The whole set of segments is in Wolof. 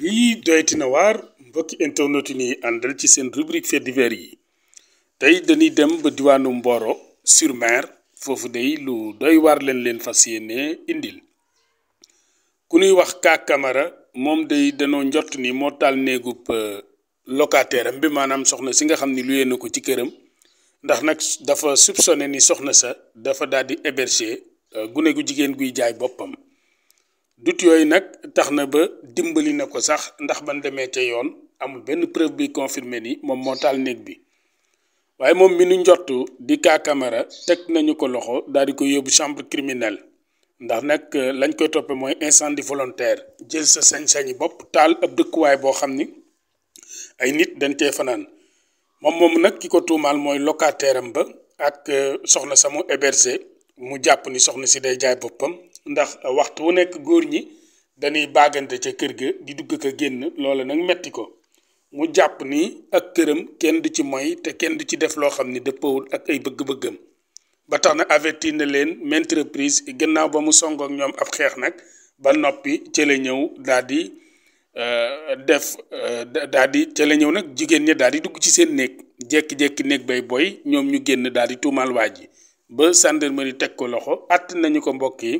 lii doyti na waar mbokki internet yi ñuy àndal ci seen rubrique faits divers yi tey dañuy dem ba diwaanu Mboro sur foofu day lu doy waar leen leen fas yéene indil ku ñuy wax kaa Camara moom day danoo njott ni moo taal néegub euh, locataire am bi maanaam soxna si nga xam ni luyee na ko ci këram ndax nag dafa soupçonné ni soxna sa dafa daal di héberger euh, gune gu jigéen guy jaay boppam. dut yooyu nag tax na ba dimbali na ko sax ndax ban demee ca yoon amul benn preuve bi confirmé ni moom moo taal néeg bi waaye moom mi nu njottu di kaa kamara teg nañu ko loxo daal di koy yóbbu chambre criminelle ndax nag euh, lañ koy toppe mooy incendie volontaire jël sa sañ-sañi bopp taal ab dëkkuwaay boo xam ni ay nit dañ cee fanaan moom moom nag ki ko tuumaal mooy locataire am ba ak euh, soxna sa mu hébergé mu jàpp ni soxna si day jaay boppam ndax waxtu wu nekk góor ñi dañuy baagante ca kër ga di dugg ka génn loola nag metti ko mu jàpp ni ak këram kenn du ci moy te kenn du ci def loo xam ni dëppawul ak ay bëgg-bëggam ba tax na avertir na leen maintes reprises gannaaw ba mu songook ñoom ab xeex nag ba noppi ca la ñëw daal di euh, def euh, daal di ca ñëw nag jigéen ñi daal di dugg ci seen néeg jékki-jékki néeg bay boy ñoom ñu génn daal di tuumaal waa ji ba gendarmerie teg ko loxo àtt nañu ko mbokk yi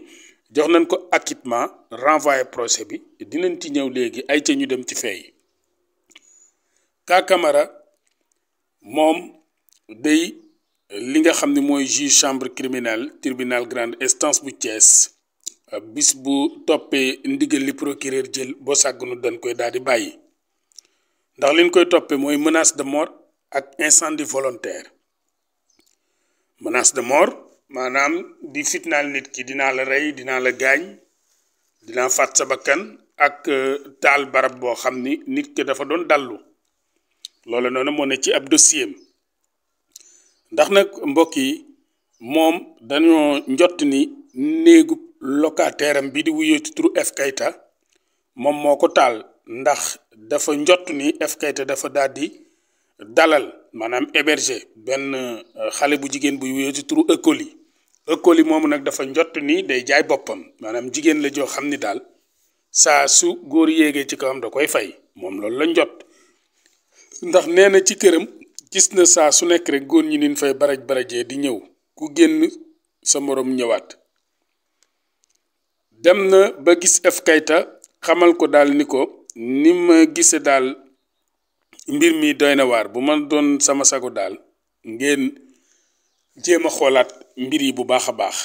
jox nañ ko acquittement renvoyé projet bi dinañ ci ñëw léegi ay ci ñu dem ci fee yi kaa Camara moom day li nga xam ni mooy juge chambre criminelle tribunal grande instance bu Thiès bis bu toppee ndigal li procureur jël boo sàggunu dañ koy daal di bàyyi ndax liñ koy toppee mooy menace de mort ak incendie volontaire menace de mort maanaam di fitnaal nit ki dinaa la rey dinaa la gaañ dinaa faat sa bakkan ak euh, taal barab boo xam ni nit ki dafa doon dallu loola noonu moo ne ci ab dossier ndax nag mbokk yi moom dañoo njott ni néegu locataire am bi di wuyoo ci turu F moom moo ko taal ndax dafa njott ni F dafa daal di dalal maanaam héberger benn euh, xale bu jigéen buy wuyoo ci turu Ecoli ëkkooli moomu nag dafa njott nii day jaay boppam maanaam jigéen la joo xam ni daal saa su góor yéegee ci kawam da koy fay moom loolu la njott ndax nee na ci këram gis na saa su nekk rek góor ñi nin fay baraj barajee di ñëw ku génn sa moroom ñëwaat dem na ba gis ef xamal ko daal ni ko ni ma gise daal mbir mi doy na waar bu ma doon sama sago daal ngeen jéem a xoolaat mbir yi bu baax a baax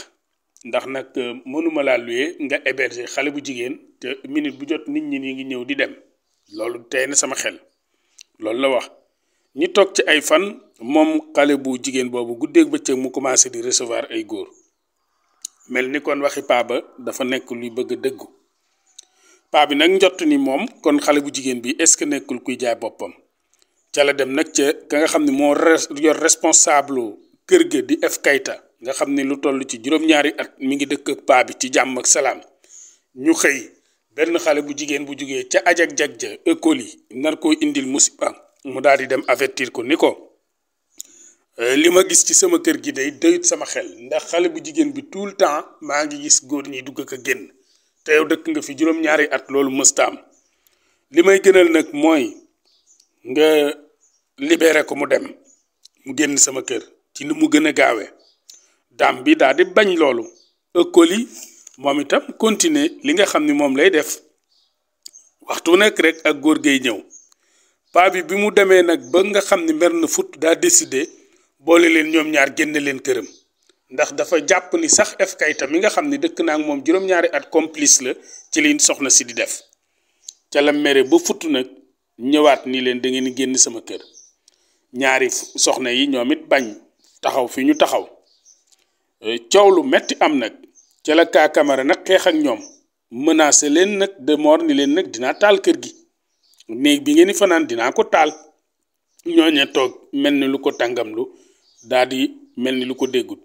ndax nag euh, mënuma laa luye nga héberger xale bu jigéen te minute bu jot nit ñi ni ngi ñëw di dem loolu tey na sama xel loolu la wax ñi toog ci ay fan moom xale bu jigéen boobu guddeeg bëccëg mu commencé di recevoir ay góor mel ni kon waxi paa ba dafa nekk luy bëgg a dëggu paa bi nag njott ni moom kon xale bu jigéen bi est-ce que nekkul kuy jaay boppam ca la dem nag ca ka nga xam ne moo yor responsable kër gi di F Kayta nga xam ne lu toll ci juróom-ñaari at mi ngi dëkk ak paa bi ci jàmm ak salaam ñu xëy benn xale bu jigéen bu jugee ca ajag-jag ja école yi nar koo indil musiba mu daal di dem avertir ko ni ko euh, li ma gis ci sama kër gi day doyut sama xel ndax xale bu jigéen bi tout le temps maa ngi gis góor ñi dugg ak a génn te dëkk nga fi juróom-ñaari at loolu mëstaam li may gënal nag mooy nga libéré ko mu dem mu génn sama kër ci ni mu gën a gaawee dame bi daal di bañ loolu école yi moom itam continuer li nga xam ni moom lay def waxtu nekk rek ak góor gay ñëw paa bi bi mu demee nag ba nga xam ni mer na fut daa décidé boole leen ñoom ñaar génne leen këram ndax dafa jàpp ni sax ef kayta mi nga xam ni dëkk naa ak moom juróom-ñaari at complice la ci liñ soxna si di def ca la mere ba fut nag ñëwaat ni leen da ngeen génn sama kër ñaari soxna yi ñoom it bañ taxaw fii ñu taxaw eh, coow lu metti am nag ca la nag xeex ak ñoom menacé leen nag de mort ni leen nag dina taal kër gi néeg bi ngeen di fanaan dinaa ko taal ñooña toog mel ni lu ko tàngam lu daa di mel ni lu ko déggut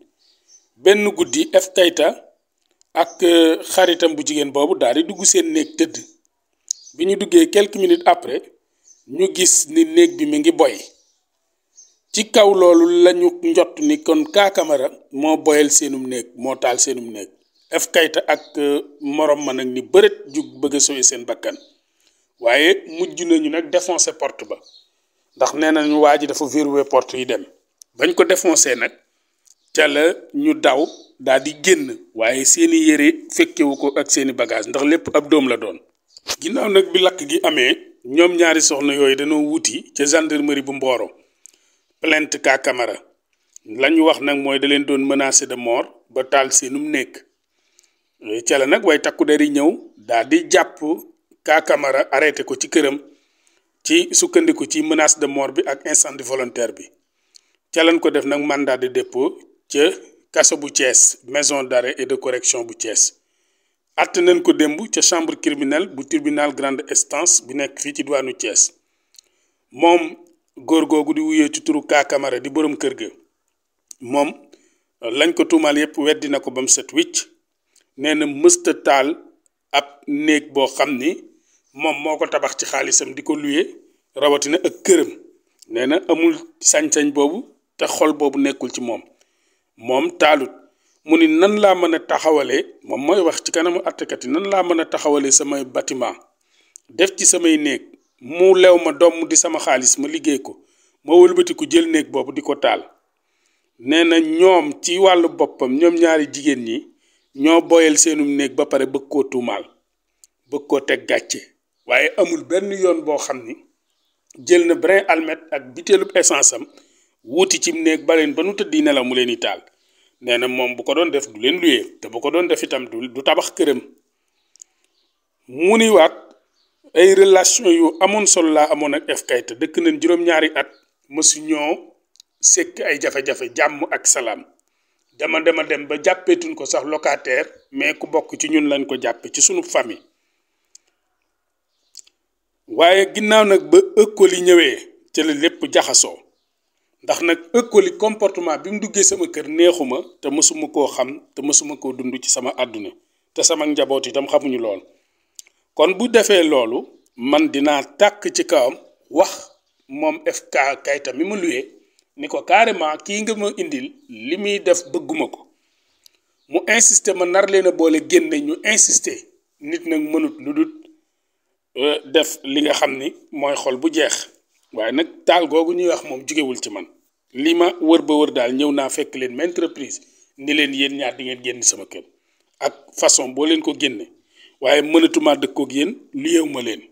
benn guddi f kayta ak eh, xaritam bu jigéen boobu daal di dugg seen néeg tëdd bi ñu duggee quelques minutes après ñu gis ni néeg bi mu ngi boy ci kaw loolu lañu njot ni kon Ka Kamara moo boyal seenum néeg moo taal seenum néeg F Kayta ak euh, morom ma nag ni bërët jug bëgg a seen bakkan waaye mujj nañu nag défoncer porte ba ndax nee nañu waa ji dafa verrouiller porte yi dem bañ ko défoncer nag ca ñu daw daal di génn waaye seeni yére fekkewu ko ak seeni bagage ndax lépp ab doom la doon ginnaaw nag bi lakk gi amee ñoom ñaari soxna yooyu dañoo wuti ca gendarmerie bu Mboro plainte ka Camara la ñu wax nag mooy da leen doon menacé de mort ba taal mu nekk eh, ca la nag way takku der yi ñëw daal di jàpp ka Camara arrêté ko ci këram ci sukkandiku ci menace de mort bi ak incendie volontaire bi ca lañ ko def nag mandat de dépôt ca kaso bu Thiès maison d'arrêt et de correction bu Thiès àtte ko démb ca chambre criminelle bu tribunal grande estance bi nekk fii ci diwaanu Thiès moom góor googu di wuyee ci turu Ka di borom kër ga moom lañ ko tuumaal yépp weddi na ko ba mu set wicc nee na mësta taal ab néeg boo xam ni moom moo ko tabax ci xaalisam di ko luye rawatina ak këram nee na amul sañ-sañ boobu te xol boobu nekkul ci moom moom taalut mu ni nan laa mën a taxawalee moom mooy wax ci kanamu àttekat yi nan laa mën a taxawalee samay bâtiment def ci samay néeg mu lew ma doom di sama xaalis ma liggéey ko ma wëlbatiku jël néeg boobu di ko taal nee na ñoom ci wàllu boppam ñoom ñaari jigéen ñi ñoo boyal seenu néeg ba pare bëgg koo tuumaal bëgg koo teg gàcce waaye amul benn yoon boo xam ni jël na brin almet ak biteelub essence am wuuti ci néeg ba leen ba nu tëddi nelaw mu leen di taal nee na moom bu ko doon def du leen luyee te bu ko doon def itam du tabax këram mu ni waat ay relation yu amoon solo laa amoon ak F Kayta dëkk nañ juróom-ñaari at mësu ñoo sekk ay jafe-jafe jàmm ak salaam dama dama dem ba jàppeetuñ ko sax locataire mais ku bokk ci ñun lañ ko jàppe ci sunu famille waaye ginnaaw nag ba ëkkoli ñëwee ci la lépp jaxasoo ndax nag ëkkoli comportement bi mu duggee sama kër neexuma te mësuma koo xam te mësuma koo dund ci sama àdduna te sama njaboot itam xamuñu lool kon bu defee loolu man dinaa tàkk ci kawam wax moom FK Keita mi ma luye ni ko carrément kii nga ma indil li muy def bëgguma ko mu insister ma nar leen a boole génne ñu insister nit nag mënut lu dut euh, def li nga xam ni mooy xol bu jeex waaye nag taal googu ñuy wax moom jugewul ci man lii ma wër ba wër daal ñëw naa fekk leen ma entreprise ni leen yéen ñaar di ngeen génn sama kër ak façon boo leen ko génne waaye mënatuma dëkkoog yéen liyeew ma leen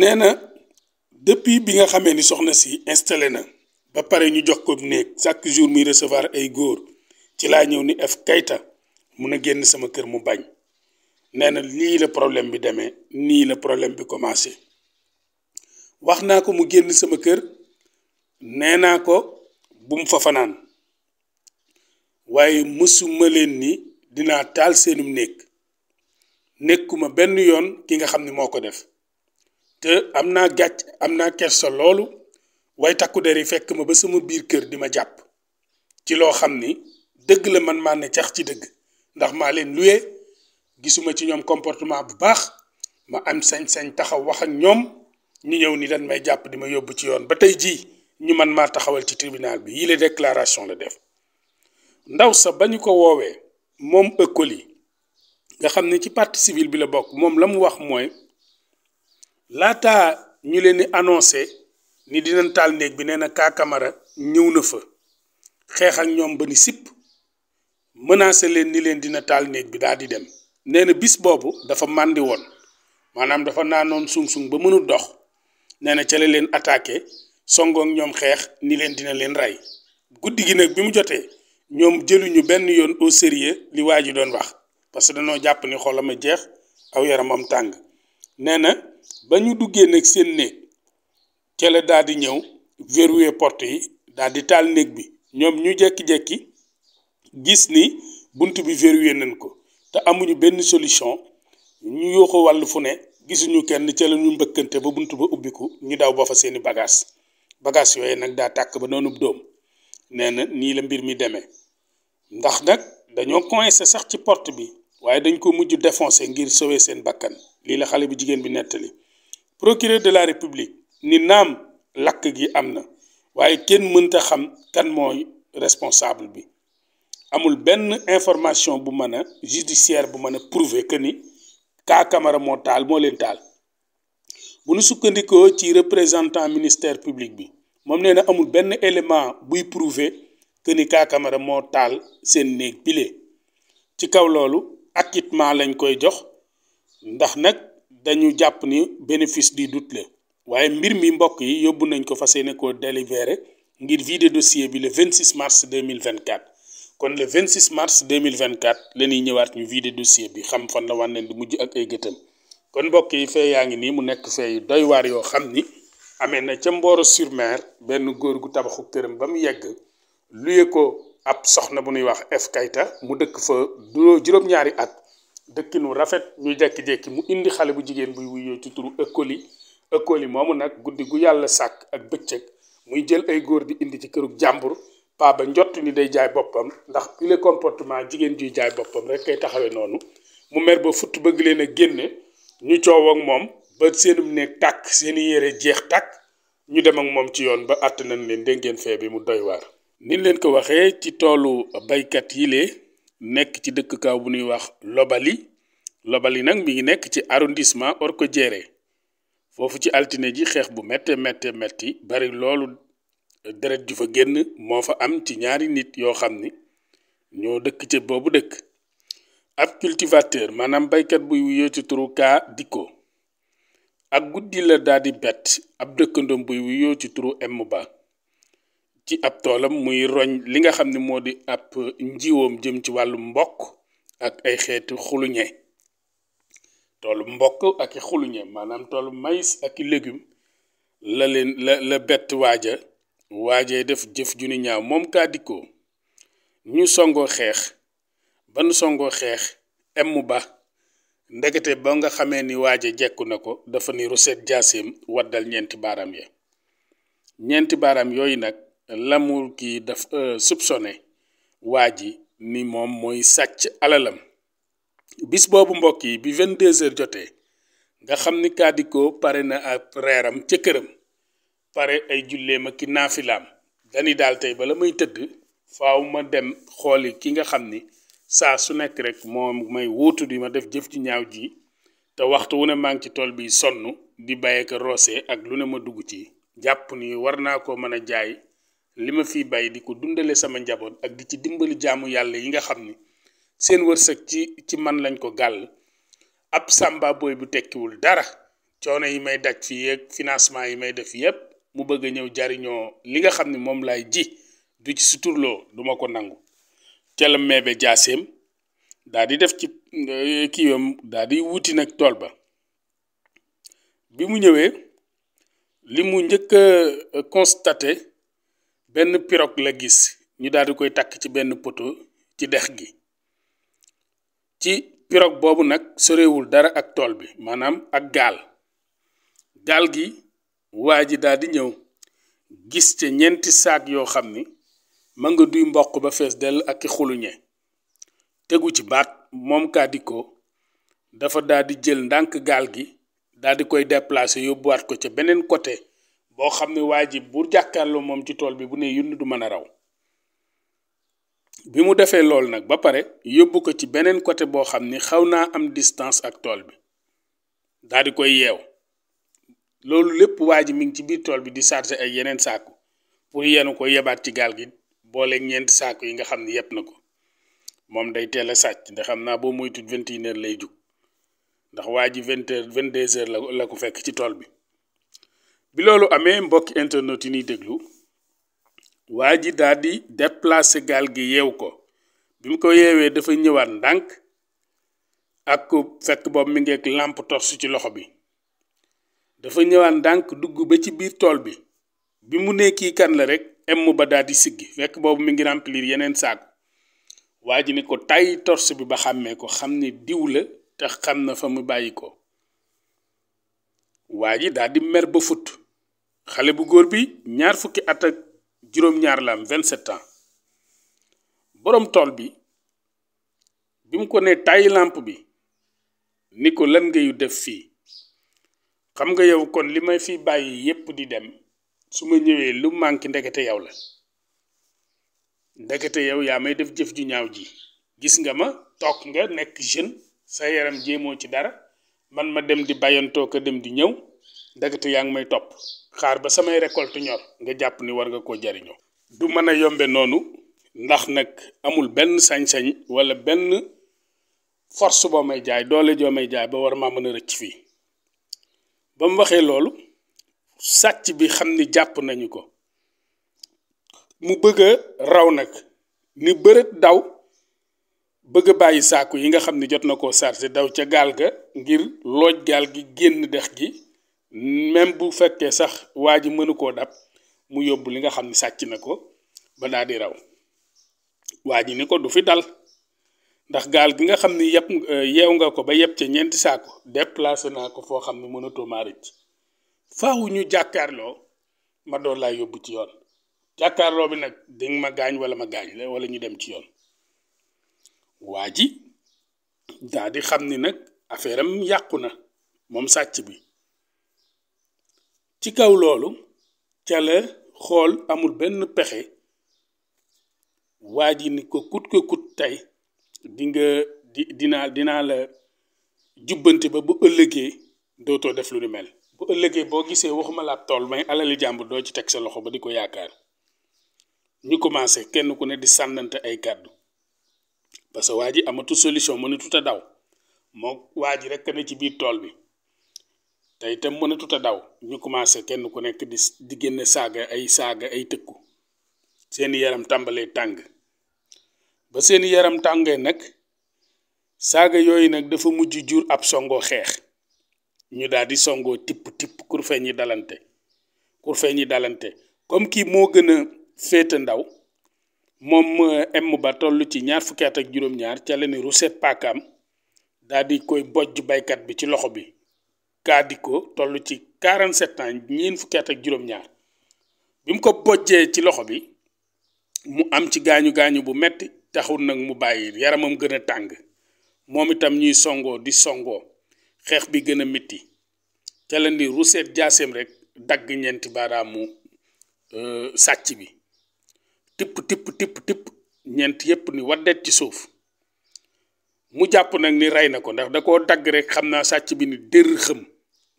nee na depuis bi nga xamee ni soxna si installé na ba pare ñu jox ko néeg chaque jour muy recevoir ay góor ci laa ñëw ni F Kayta mun a génn sama kër mu bañ nee na lii la problème bi demee nii la problème bi commencé wax naa ko mu génn sama kër nee naa ko bu mu fa fanaan waaye mësuma leen ni naa taal seenu néeg nekkuma benn yoon ki nga xam ne moo ko def te am naa gàcc am naa kersa loolu way takku der yi fekk ma ba sama biir kër di ma jàpp ci loo xam ni dëgg la man maa ne cax ci dëgg ndax maa leen luye gisuma ci ñoom comportement bu baax ma am sañ-sañ taxaw wax ak ñoom ñu ñëw ni dañ may jàpp di ma yóbbu ci yoon ba tey jii ñu man maa taxawal ci tribunal bi yile déclaration la def ndaw sa ba ñu ko woowee moom ëkkol yi nga xam ne ci parti civile bi la bokk moom la mu wax mooy laata ñu leen di annoncé ni dinañ taal néeg bi nee na Ka Kamara ñëw na fa xeex ak ñoom ba ni sipp menacé leen ni leen dina taal néeg bi daal di dem nee na bis boobu dafa màndi woon maanaam dafa naanoon sung ba mënul dox nee na ca leen attaqué songook ñoom xeex ni leen dina leen rey guddi gi nag bi mu jotee ñoom jëluñu benn yoon au sérieux li waa ji doon wax parce que dañoo jàpp ni xolam a jeex aw yaramam tàng nee na ba ñu duggee nag seen néeg ca la daal di ñëw verrouiller porte yi daal di taal néeg bi ñoom ñu jekki-jekki gis ni bunt bi verrouillé nañ ko te amuñu benn solution ñu yoo ko wàll fu ne gisuñu kenn ca ñu mbëkkante ba bunt ba ubbiku ñu daw ba fa seeni bagage bagage yooyu nag daa tàkk ba noonu doom nee na nii la mbir mi demee ndax nag dañoo coincé sax ci porte bi waaye dañ ko mujj défoncé ngir sauver seen bakkan lii la xale bi jigéen bi nettali procureur de la république ni naam lakk gi am na waaye kenn mënta xam kan mooy responsable bi amul benn information bu mën a judiciaire bu mën a prouver que ni kaa Camara moo taal moo leen taal bu nu sukkandikoo ci représentant ministère publique bi moom nee na amul benn élément buy prouver que ni Ka Kamara moo taal seen néeg pile ci kaw loolu acquittement lañ koy jox ndax nag dañu jàpp ni bénéfice du doute la waaye mbir mi mbokk yi yóbbu nañ ko fas yéene koo délibéré ngir vide dossier bi le 26 mars 2024 kon le 26 mars 2024 la ñuy ñëwaat ñu vide dossier bi xam fan la wànneen du mujj ak ay gëtam kon mbokk yi fee yaa ngi nii mu nekk fee yu doy waar yoo xam ni amee na ca Mboro sur benn góor gu tabaxu këram ba mu yegg. luye ko ab soxna bu nuy wax F mu dëkk fa juróom-ñaari at dëkkinu rafet ñu jekki-jekki mu indi xale bu jigéen buy wuyoo ci turu ëkkoli ëkkoli moomu nag guddi gu yàlla sàkk ak bëccëg muy jël ay góor di indi ci kërug jàmbur paa ba njott ni day jaay boppam ndax pile comportement jigéen juy jaay boppam rek kay taxawe noonu mu mer ba futt bëgg leen a génne ñu coow moom ba seenum nekk tàkk seeni yére jeex tàkk ñu dem ak moom ci yoon ba àtt nañ leen dégg ngeen fee bi mu doy waar nin leen ko waxee ci toolu baykat yi le nekk ci dëkk kaw bu ñuy wax Lobali Lobali nag mi ngi nekk ci arrondissement Orkodiéré foofu ci altine ji xeex bu mette métte metti bari loolu deret ju fa génn moo fa am ci ñaari nit yoo xam ni ñoo dëkk ci boobu dëkk ab cultivateur maanaam baykat buy wuyoo ci turu kaa dikko ak guddi la daal di bett ab dëkkandoom buy wuyoo ci turu M ci ab toolam muy roñ li nga xam ne moo di ab njiwoom jëm ci wàllu mbokk ak ay xeetu xuluñe toolu mbokk ak i xuluñe maanaam toolu maïs ak i la leen la la bett waaja waajee def jëf ju ni ñaaw moom kaa dikkoo ñu songoo xeex ba nu songoo xeex emm ba ndekete ba nga xamee ni waaja jekku na ko dafa ni ruset jaaseem waddal ñeenti baaraam ya ñeenti baaraam yooyu nag lamul kii daf euh, soupçonné waa ji ni moom mooy sàcc alalam bis boobu mbokk yi bi vingt deux heures jotee nga xam ni Kadiko pare na ak reeram ca këram pare ay julleem ak ki naafilaam dani daal tey bala may tëdd faaw ma dem xooli ki nga xam ni saa su nekk rek moom may wuutu di ma def jëf ci ñaaw ji te waxtu wu ne maa ngi ci tool bi sonn di bàyyeeka roose ak lu ne ma dugg ci jàpp ni war naa ko mën a jaay li ma fi bay di ko dundale sama njaboot ak di ci dimbali jaamu yàlla yi nga xam ni seen wërsëg ci ci man lañ ko gàll ab sàmba booy bu tekkiwul dara coono yi may daj fii ak financement yi may def yépp mu bëgg a ñëw jariñoo li nga xam ne moom laay ji du ci suturloo duma ko nangu tela meebe jaaseem daa di def ci eh, kiiwam daa di wuti nag tool ba bi mu ñëwee li mu njëkk a constaté benn pirogue la gis ñu daal di koy takk ci benn poto ci dex gi ci pirogue boobu nag sorewul dara ak tool bi maanaam ak gaal gaal gi waa ji daal di ñëw gis ca ñeenti saak yoo xam ni ma nga duy mboq ba fees dell ak i xuluñe tegu ci baat moom Kadiko dafa daal di jël ndànk gaal gi daal di koy déplacer yóbbuwaat ko ca beneen côté boo xam ne waa ji bu jàkkaarloo moom ci tool bi bu ne yund du mën a raw bi mu defee loolu nag ba pare yóbbu ko ci beneen côté boo xam ni xaw naa am distance ak tool bi daal di koy yeew loolu lépp waa ji mi ngi ci biir tool bi di chargé ay yeneen saaku pour yenu ko yebaat ci gaal gi boole ñeenti saaku yi nga xam ni yëpp na ko moom day teel a sàcc ndax xam naa boo moytu vingt et une heures lay jug ndax waa ji vingt heures vingt deux heures la la ko fekk ci tool bi bi loolu amee mbokki internet yi ñuy déglu waa ji daal di déplacé gaal gi yeew ko bi mu ko yeewee dafa ñëwaat ndànk ak fekk boobu mi ngi làmp torche ci loxo bi dafa ñëwaat ndànk dugg ba ci biir tool bi bi mu nee kii kan la rek em ba daal di siggi fekk boobu mi ngi remplir yeneen saako waa ji ne ko tay tors bi ba xàmmee ko xam ne diw la te xam na fa mu bàyyi ko waa ji daldi di mer ba fut xale bu góor bi ñaar fukki at ak juróom-ñaar la boroom tool bi bi mu ko ne tàyyi làmp bi ni ko lan nga yu def fii xam nga yow kon li may fi bàyyi yépp di dem su ma ñëwee lu manqué ndekete yow la ndekete yow yaa may def jëf ju ñaaw ji gis nga ma toog nga nekk jeune sa yaram jéemoo ci dara man ma dem di bàyyantoo ko dem di ñëw ndekete yaa ngi may topp xaar ba samay récolte ñor nga jàpp ni war nga koo jariñoo du mën a yombe noonu ndax nag amul benn sañ-sañ wala benn force boo may jaay doole joo may jaay ba war maa mën a rëcc fii ba mu waxee loolu sàcc bi xam ni jàpp nañu ko mu bëgg raw nag ni bërët daw bëgg bàyyi saaku yi nga xam ni jot na koo chargé daw ca gaal ga ngir looj gaal gi génn dex gi même bu fekkee sax waa ji mënu koo dab mu yóbbu li nga xam ne sàcc na ko ba daal di raw waa ji ni ko du fi dal ndax gaal gi nga xam ni yëpp eh, yeew nga ko ba yëpp ca ñeenti saako déplacé naa ko foo xam ne mënatoo maarit faaw ñu jàkkaarloo ma doon laa yóbbu ci yoon jàkkaarloo bi nag dinga ma gaañ wala ma gaañ la wala ñu dem ci yoon waa ji daa di xam ni nag affaire am yàqu na moom sàcc bi. ci kaw loolu ca la xool amul benn pexe waa ji ni ko kut ko kut tey di nga di dinaa dinaa la jubbante ba bu ëllëgee dootoo def lu ni mel bu ëllëgee boo gisee waxuma la ab tool may alali jàmb doo ci teg sa loxo ba di ko yaakaar ñu commencé kenn ku ne di sànnante ay kàddu parce que waa ji amatu solution mënatut a daw moo waa ji rek ne ci biir tool bi te itam mënatut daw ñu commencé kenn ku nekk di di génne saaga ay saaga ay tëkku seen yaram tàmbalee tàng ba seen yaram tàngee nag saaga yooyu nag dafa mujj jur ab songoo xeex ñu daal songoo tipp tipp kurfee ñi dalante kurfee feeñi dalante comme kii moo gën a féete ndaw moom emm eh, ba toll ci ñaar fukki at ak juróom-ñaar ca la ruset paakaam daal di koy bojj baykat bi ci loxo bi Gadiko toll ci 47 ans ñeent fukki at ak juróom-ñaar bi mu ko bojjee ci loxo bi mu am ci gaañu gaañu bu metti taxul nag mu bàyyi yaramam gën a tàng moom itam ñuy songoo di songoo xeex bi gën a metti ca leen di ruseet jaaseem rek dagg ñeenti baaraamu euh, sàcc bi tipp tipp tipp tipp ñeent yépp ni waddeet ci suuf mu jàpp nag ni rey na ko ndax da koo dagg rek xam naa sàcc bi ni dër xëm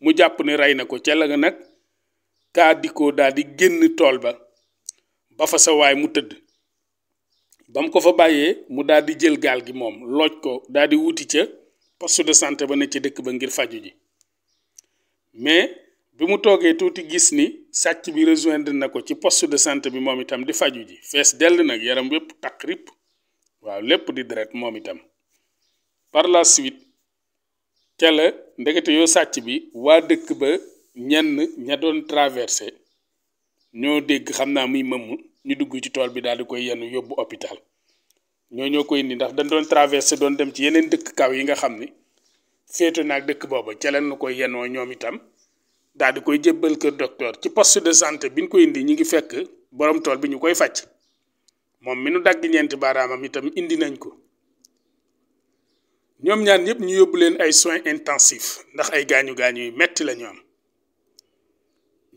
mu jàpp ne rey na ko ca la nga nag kaa dikkoo daal di génn tool ba ba fa sa waay mu tëdd ba mu ko fa bàyyee mu daal di jël gaal gi moom looj ko daal di wuti ca post de santé ba ne ca dëkk ba ngir faju ji mais bi mu toogee tuuti gis ni sàcc bi rejoindre na ko ci poste de santé bi moom itam di faju ji fees dell nag yaram wépp takk ripp waaw lépp di deret moom itam par la suite ca la ndekete yoo sàcc bi waa dëkk ba ñenn ña doon traversé ñoo dégg xam naa muy mëmm ñu dugg ci tool bi daal di koy yenu yóbbu hôpital ñoo ñoo ko indi ndax dañ doon traversé doon dem ci yeneen dëkk kaw yi nga xam ni féetu naag dëkk booba ca leen nu koy yenoo ñoom itam daal di koy jébbal kër docteur ci poste de santé bi ñu koy indi ñu ngi fekk boroom tool bi ñu koy fàcc moom mi nu dagg ñeenti baaraamam itam indi nañ ko ñoom ñaan ñëpp ñu yóbbu leen ay soins intensifs ndax ay gaañu gaañu yu metti la ñu am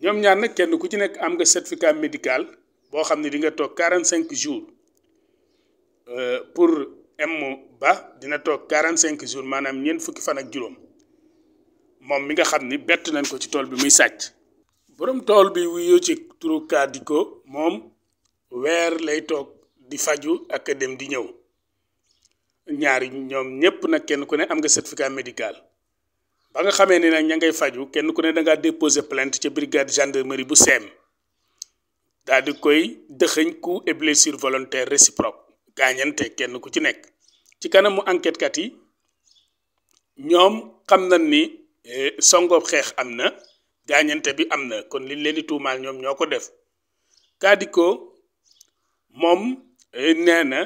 ñoom ñaan nag kenn ku ci nekk am nga certificat médical boo xam ne di nga toog quarante cinq jours euh, pour M Ba dina toog quarante cinq jours maanaam ñeent fukki fan ak juróom moom mi nga xam ni bett nañ ko ci tool bi muy sàcc. borom tool bi wuyoo ci turu Kadiko moom weer lay toog di faju ak dem di ñëw. ñaar ñoom ñëpp nag kenn ku ne am nga certificat médical ba nga xamee ne nag ña ngay faju kenn ku ne da ngaa déposé plainte ca brigade gendarmerie bu seem daal di koy dëxëñ coup et blessure volontaire réciproque gaañante kenn ku ci nekk ci kanamu enket kat yi ñoom xam nañ ni eh, songoob xeex am na gaañante bi am na kon liñ leen di tuumaal ñoom ñoo ko def Kadiko moom eh, nee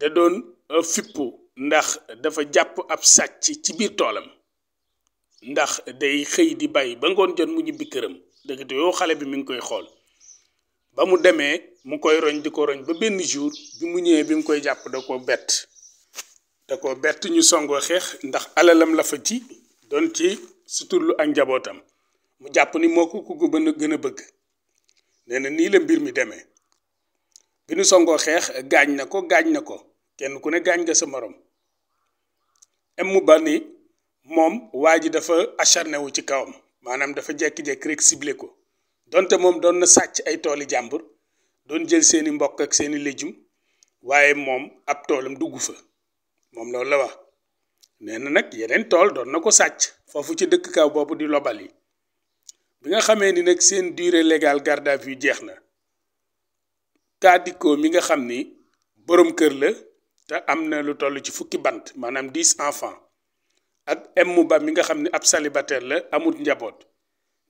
da doon Euh, fippu ndax dafa jàpp ab sàcc ci biir toolam ndax day xëy di bàyyi ba ngoon jot mu ñibbi këram dëgg te yoo xale bi mi ngi koy xool ba mu demee mu koy roñ di ko roñ ba benn jour bi mu ñëwee bi mu koy jàpp da ko bett da koo bett ñu songoo xeex ndax alalam la fa ci doon ci lu ak njabootam mu jàpp ni moo ko ku ko gën a bëgg nee na nii la mbir mi demee bi nu songoo xeex gaañ na ko gaañ na ko kenn ku ne gaañ nga sa moroom m ba ni moom waa ji dafa acharné wu ci kawam maanaam dafa jékki-jékki rek sible ko donte moom doon na sàcc ay tooli jàmbur doon jël seeni mbokk ak seeni léjum waaye moom ab toolam dugg fa moom loolu la wax nee na nag yeneen tool doon na ko sàcc foofu ci dëkk kaw boobu di lobal yi bi nga xamee ni nag seen dure légal garde à jeex na kaadikoo mi nga xam ni boroom kër la te am na lu toll ci fukki bant maanaam dix enfants ak M ba mi nga xam ne ab célibataire la amut njaboot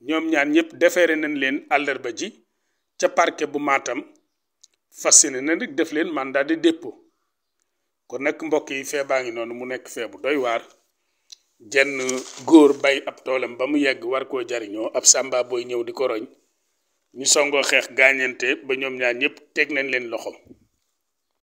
ñoom ñaan ñëpp defeere nañ leen àllarba ji ca parquet bu maatam fas yéene na rek def leen man mandat de déppo kon nag mbokk yi feebaa ngi noonu mu nekk fee bu doy waar jenn góor bay ab toolam ba mu yegg war koo jariñoo ab sàmba booy ñëw di ko roñ ñu songoo xeex gaañante ba ñoom ñaan ñëpp teg nañ leen loxo